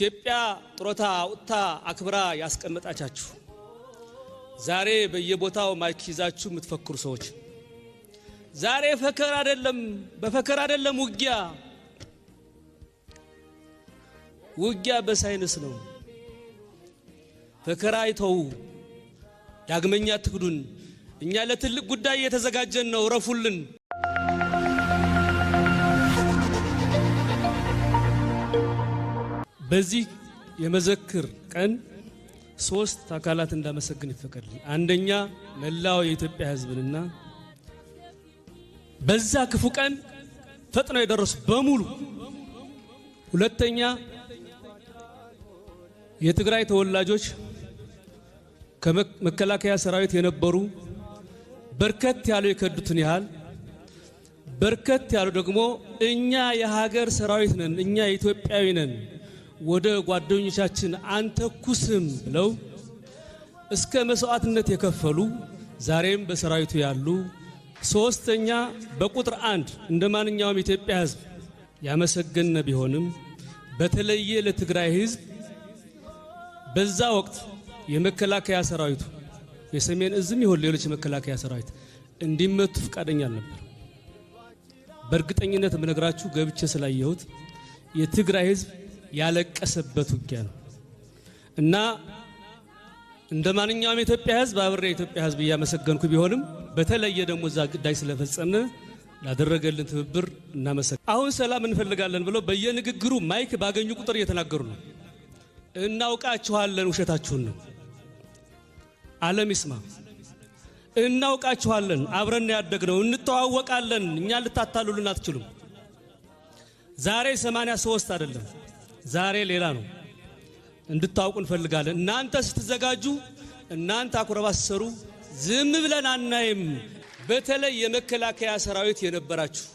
ኢትዮጵያ ጥሮታ አውጥታ አክብራ ያስቀመጣቻችሁ ዛሬ በየቦታው ማይክ ይዛችሁ የምትፈክሩ ሰዎች ዛሬ ፈከር አይደለም፣ በፈከር አይደለም ውጊያ ውጊያ በሳይንስ ነው። ፈከራ አይተው ዳግመኛ ትግዱን እኛ ለትልቅ ጉዳይ እየተዘጋጀን ነው። ረፉልን። በዚህ የመዘክር ቀን ሶስት አካላት እንዳመሰግን ይፈቀድልኝ። አንደኛ መላው የኢትዮጵያ ሕዝብንና በዛ ክፉ ቀን ፈጥነው የደረሱ በሙሉ፣ ሁለተኛ የትግራይ ተወላጆች ከመከላከያ ሰራዊት የነበሩ በርከት ያሉ የከዱትን ያህል በርከት ያሉ ደግሞ እኛ የሀገር ሰራዊት ነን፣ እኛ ኢትዮጵያዊ ነን ወደ ጓደኞቻችን አንተኩስም ብለው እስከ መስዋዕትነት የከፈሉ ዛሬም በሰራዊቱ ያሉ፣ ሶስተኛ በቁጥር አንድ እንደ ማንኛውም ኢትዮጵያ ሕዝብ ያመሰገነ ቢሆንም በተለየ ለትግራይ ሕዝብ በዛ ወቅት የመከላከያ ሰራዊቱ የሰሜን እዝም ይሆን ሌሎች የመከላከያ ሰራዊት እንዲመቱ ፈቃደኛ አልነበር። በእርግጠኝነት ምነግራችሁ ገብቼ ስላየሁት የትግራይ ሕዝብ ያለቀሰበት ውጊያ ነው እና እንደ ማንኛውም የኢትዮጵያ ህዝብ አብሬ የኢትዮጵያ ህዝብ እያመሰገንኩ ቢሆንም በተለየ ደግሞ እዛ ግዳይ ስለፈጸመ ላደረገልን ትብብር እናመሰግ አሁን ሰላም እንፈልጋለን ብለው በየንግግሩ ማይክ ባገኙ ቁጥር እየተናገሩ ነው። እናውቃችኋለን፣ ውሸታችሁን ነው ዓለም ይስማ። እናውቃችኋለን፣ አብረን ያደግነው፣ እንተዋወቃለን። እኛ ልታታሉልን አትችሉም። ዛሬ 83 አይደለም ዛሬ ሌላ ነው እንድታውቁ እንፈልጋለን። እናንተ ስትዘጋጁ፣ እናንተ አኩረባሰሩ ዝም ብለን አናይም። በተለይ የመከላከያ ሰራዊት የነበራችሁ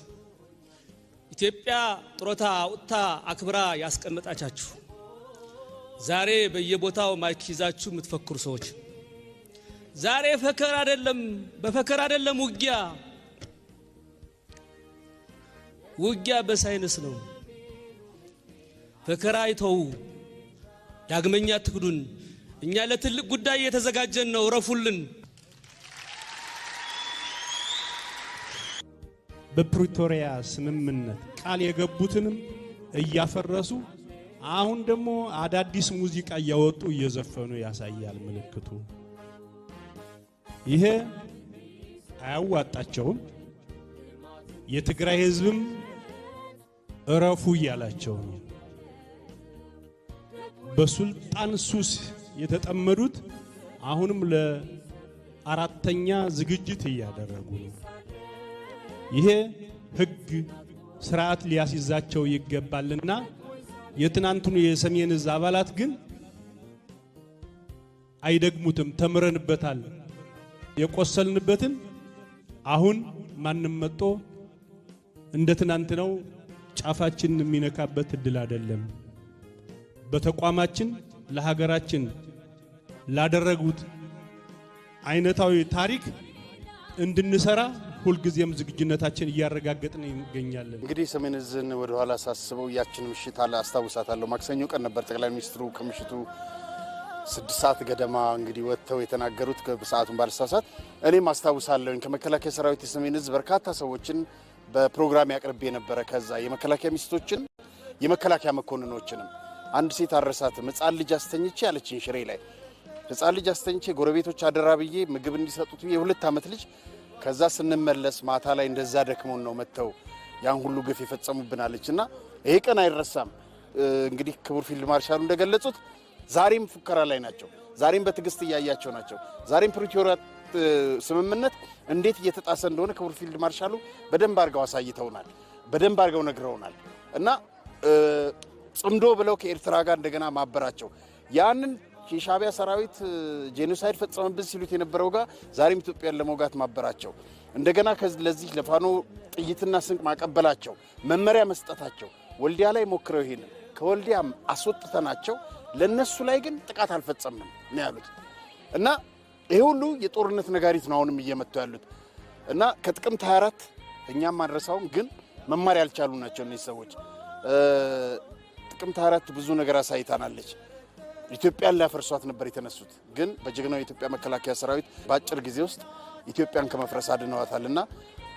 ኢትዮጵያ ጥሮታ አውጥታ አክብራ ያስቀመጣቻችሁ ዛሬ በየቦታው ማይክ ይዛችሁ የምትፈክሩ ሰዎች ዛሬ ፈከር አይደለም፣ በፈከር አይደለም። ውጊያ ውጊያ በሳይንስ ነው። ተከራይተው ዳግመኛ ትግዱን እኛ ለትልቅ ጉዳይ እየተዘጋጀን ነው፣ እረፉልን። በፕሪቶሪያ ስምምነት ቃል የገቡትንም እያፈረሱ አሁን ደግሞ አዳዲስ ሙዚቃ እያወጡ እየዘፈኑ ያሳያል ምልክቱ። ይሄ አያዋጣቸውም። የትግራይ ሕዝብም እረፉ እያላቸው ነው። በሱልጣን ሱስ የተጠመዱት አሁንም ለአራተኛ ዝግጅት እያደረጉ ነው። ይሄ ህግ ስርዓት ሊያስይዛቸው ይገባልና የትናንቱን የሰሜን እዝ አባላት ግን አይደግሙትም። ተምረንበታል። የቆሰልንበትን አሁን ማንም መጦ እንደ ትናንት ነው ጫፋችን የሚነካበት እድል አይደለም። በተቋማችን ለሀገራችን ላደረጉት አይነታዊ ታሪክ እንድንሰራ ሁልጊዜም ዝግጁነታችን እያረጋገጥን ይገኛለን። እንግዲህ ሰሜን ዕዝን ወደኋላ ሳስበው ያችን ምሽት አለ አስታውሳታለሁ። ማክሰኞ ቀን ነበር ጠቅላይ ሚኒስትሩ ከምሽቱ ስድስት ሰዓት ገደማ እንግዲህ ወጥተው የተናገሩት ሰዓቱን ባልሳሳት እኔም አስታውሳለሁኝ። ከመከላከያ ሰራዊት የሰሜን ዕዝ በርካታ ሰዎችን በፕሮግራም ያቅርቤ የነበረ ከዛ የመከላከያ ሚኒስትሮችን የመከላከያ መኮንኖችንም አንድ ሴት አረሳትም። ህፃን ልጅ አስተኝቼ አለችኝ ሽሬ ላይ ሕፃን ልጅ አስተኝቼ ጎረቤቶች አደራ ብዬ ምግብ እንዲሰጡት የሁለት ዓመት ልጅ ከዛ ስንመለስ ማታ ላይ እንደዛ ደክመው ነው መጥተው ያን ሁሉ ግፍ የፈጸሙብን አለች እና ይሄ ቀን አይረሳም። እንግዲህ ክቡር ፊልድ ማርሻሉ እንደገለጹት ዛሬም ፉከራ ላይ ናቸው። ዛሬም በትዕግስት እያያቸው ናቸው። ዛሬም ፕሪቶሪያ ስምምነት እንዴት እየተጣሰ እንደሆነ ክቡር ፊልድ ማርሻሉ በደንብ አድርገው አሳይተውናል። በደንብ አድርገው ነግረውናል እና ጽምዶ ብለው ከኤርትራ ጋር እንደገና ማበራቸው ያንን የሻቢያ ሰራዊት ጄኖሳይድ ፈጸመብን ሲሉት የነበረው ጋር ዛሬም ኢትዮጵያን ለመውጋት ማበራቸው እንደገና ለዚህ ለፋኖ ጥይትና ስንቅ ማቀበላቸው መመሪያ መስጠታቸው ወልዲያ ላይ ሞክረው ይሄንን ከወልዲያም አስወጥተናቸው ለእነሱ ላይ ግን ጥቃት አልፈጸምም ነው ያሉት እና ይሄ ሁሉ የጦርነት ነጋሪት ነው አሁንም እየመቱ ያሉት እና ከጥቅምት 24 እኛም አንረሳውም፣ ግን መማር ያልቻሉ ናቸው እነዚህ ሰዎች። ጥቅምት አራት ብዙ ነገር አሳይታናለች። ኢትዮጵያን ሊያፈርሷት ነበር የተነሱት፣ ግን በጀግናው የኢትዮጵያ መከላከያ ሰራዊት በአጭር ጊዜ ውስጥ ኢትዮጵያን ከመፍረስ አድነዋታልና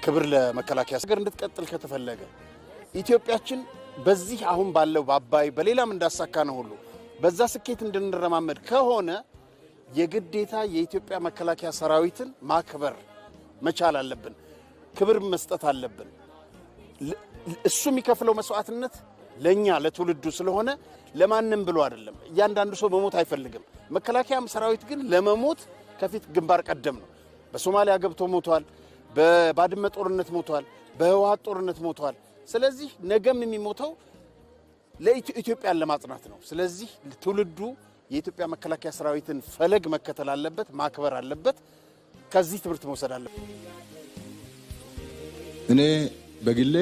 ክብር ለመከላከያ ሀገር እንድትቀጥል ከተፈለገ ኢትዮጵያችን በዚህ አሁን ባለው በአባይ በሌላም እንዳሳካ ነው ሁሉ በዛ ስኬት እንድንረማመድ ከሆነ የግዴታ የኢትዮጵያ መከላከያ ሰራዊትን ማክበር መቻል አለብን። ክብር መስጠት አለብን። እሱ የሚከፍለው መስዋዕትነት ለእኛ ለትውልዱ ስለሆነ ለማንም ብሎ አይደለም። እያንዳንዱ ሰው መሞት አይፈልግም። መከላከያም ሰራዊት ግን ለመሞት ከፊት ግንባር ቀደም ነው። በሶማሊያ ገብቶ ሞቷል። በባድመ ጦርነት ሞቷል። በህወሀት ጦርነት ሞቷል። ስለዚህ ነገም የሚሞተው ለኢትዮጵያን ለማጽናት ነው። ስለዚህ ትውልዱ የኢትዮጵያ መከላከያ ሰራዊትን ፈለግ መከተል አለበት፣ ማክበር አለበት። ከዚህ ትምህርት መውሰድ አለበት። እኔ በግሌ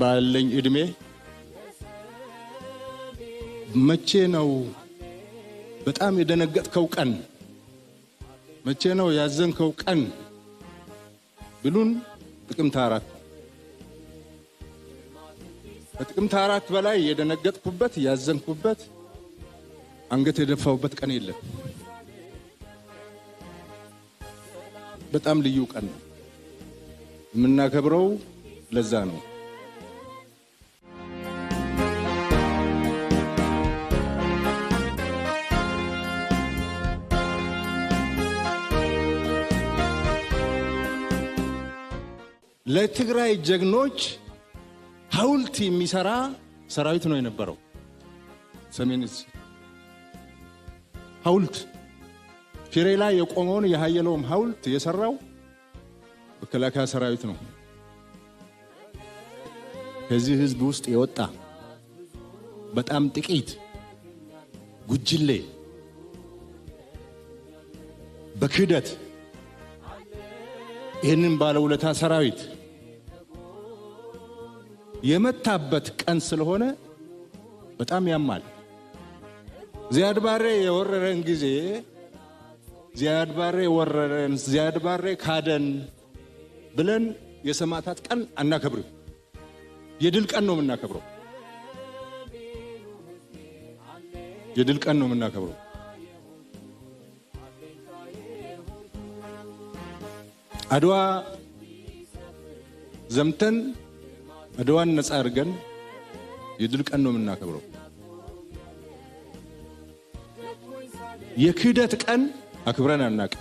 ባለኝ እድሜ መቼ ነው በጣም የደነገጥከው ቀን? መቼ ነው ያዘንከው ቀን ብሉን ጥቅምት አራት ከጥቅምት አራት በላይ የደነገጥኩበት ያዘንኩበት አንገት የደፋውበት ቀን የለም። በጣም ልዩ ቀን ነው። የምናከብረው ለዛ ነው። ለትግራይ ጀግኖች ሐውልት የሚሰራ ሰራዊት ነው የነበረው። ሰሜን እዝ ሐውልት ፊሬ ላይ የቆመውን የሀየለውም ሐውልት የሰራው መከላከያ ሰራዊት ነው። ከዚህ ህዝብ ውስጥ የወጣ በጣም ጥቂት ጉጅሌ በክህደት ይህንን ባለውለታ ሰራዊት የመታበት ቀን ስለሆነ በጣም ያማል። ዚያድ ባሬ የወረረን ጊዜ ዚያድ ባሬ ወረረን፣ ዚያድ ባሬ ካደን ብለን የሰማዕታት ቀን አናከብርም። የድል ቀን ነው የምናከብረው። የድል ቀን ነው የምናከብረው። አድዋ ዘምተን አድዋን ነፃ አድርገን የድል ቀን ነው የምናከብረው። የክህደት ቀን አክብረን አናቅ።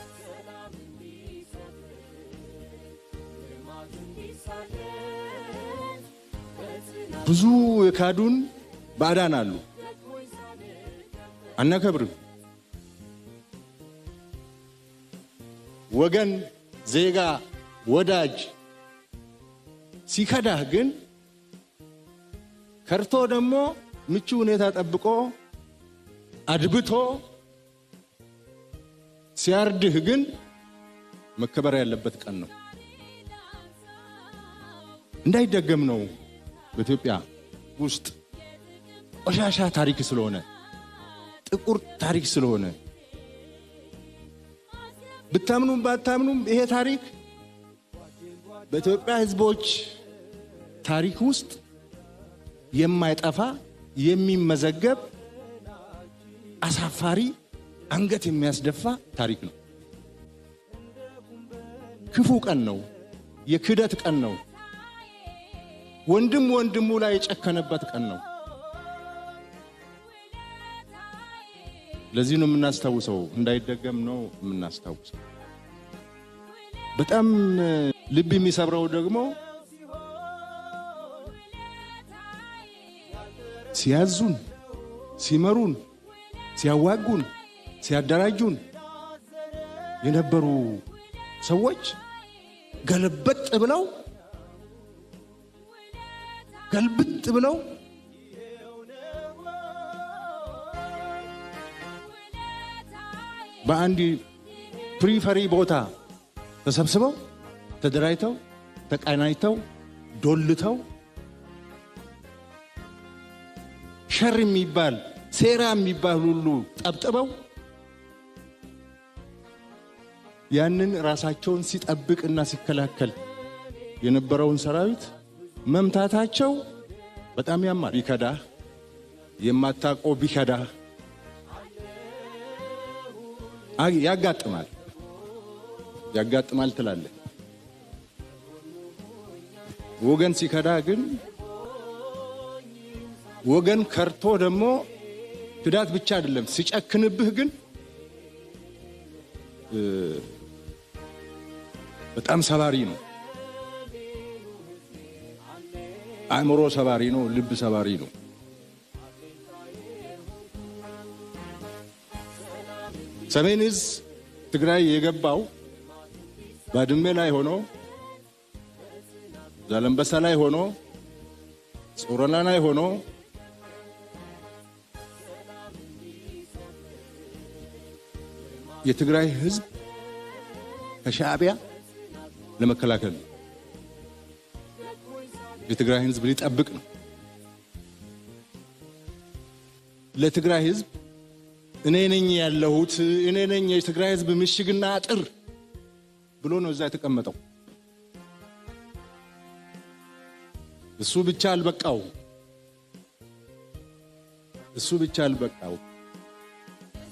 ብዙ የካዱን ባዕዳን አሉ፣ አናከብርም። ወገን፣ ዜጋ፣ ወዳጅ ሲከዳህ ግን ከርቶ ደግሞ ምቹ ሁኔታ ጠብቆ አድብቶ ሲያርድህ ግን መከበር ያለበት ቀን ነው። እንዳይደገም ነው። በኢትዮጵያ ውስጥ ቆሻሻ ታሪክ ስለሆነ ጥቁር ታሪክ ስለሆነ ብታምኑም ባታምኑም ይሄ ታሪክ በኢትዮጵያ ሕዝቦች ታሪክ ውስጥ የማይጠፋ የሚመዘገብ አሳፋሪ አንገት የሚያስደፋ ታሪክ ነው። ክፉ ቀን ነው። የክደት ቀን ነው። ወንድም ወንድሙ ላይ የጨከነበት ቀን ነው። ለዚህ ነው የምናስታውሰው፣ እንዳይደገም ነው የምናስታውሰው። በጣም ልብ የሚሰብረው ደግሞ ሲያዙን፣ ሲመሩን፣ ሲያዋጉን፣ ሲያደራጁን የነበሩ ሰዎች ገልበጥ ብለው ገልብጥ ብለው በአንድ ፕሪፈሪ ቦታ ተሰብስበው ተደራጅተው ተቀናጅተው ዶልተው ሸር የሚባል ሴራ የሚባል ሁሉ ጠብጥበው ያንን ራሳቸውን ሲጠብቅና ሲከላከል የነበረውን ሰራዊት መምታታቸው በጣም ያማል። ቢከዳ የማታቆ ቢከዳ ያጋጥማል ያጋጥማል ትላለ ወገን ሲከዳ ግን ወገን ከርቶ ደግሞ ክዳት ብቻ አይደለም ሲጨክንብህ፣ ግን በጣም ሰባሪ ነው። አእምሮ ሰባሪ ነው። ልብ ሰባሪ ነው። ሰሜን እዝ ትግራይ የገባው ባድሜ ላይ ሆኖ ዛላምበሳ ላይ ሆኖ ጾረና ላይ ሆኖ የትግራይ ህዝብ ከሻዕቢያ ለመከላከል ነው። የትግራይ ህዝብ ሊጠብቅ ነው። ለትግራይ ህዝብ እኔ ነኝ ያለሁት እኔ ነኝ የትግራይ ህዝብ ምሽግና አጥር ብሎ ነው እዛ የተቀመጠው። እሱ ብቻ አልበቃው፣ እሱ ብቻ አልበቃው።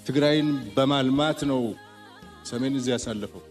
ትግራይን በማልማት ነው ሰሜን እዚህ ያሳለፈው።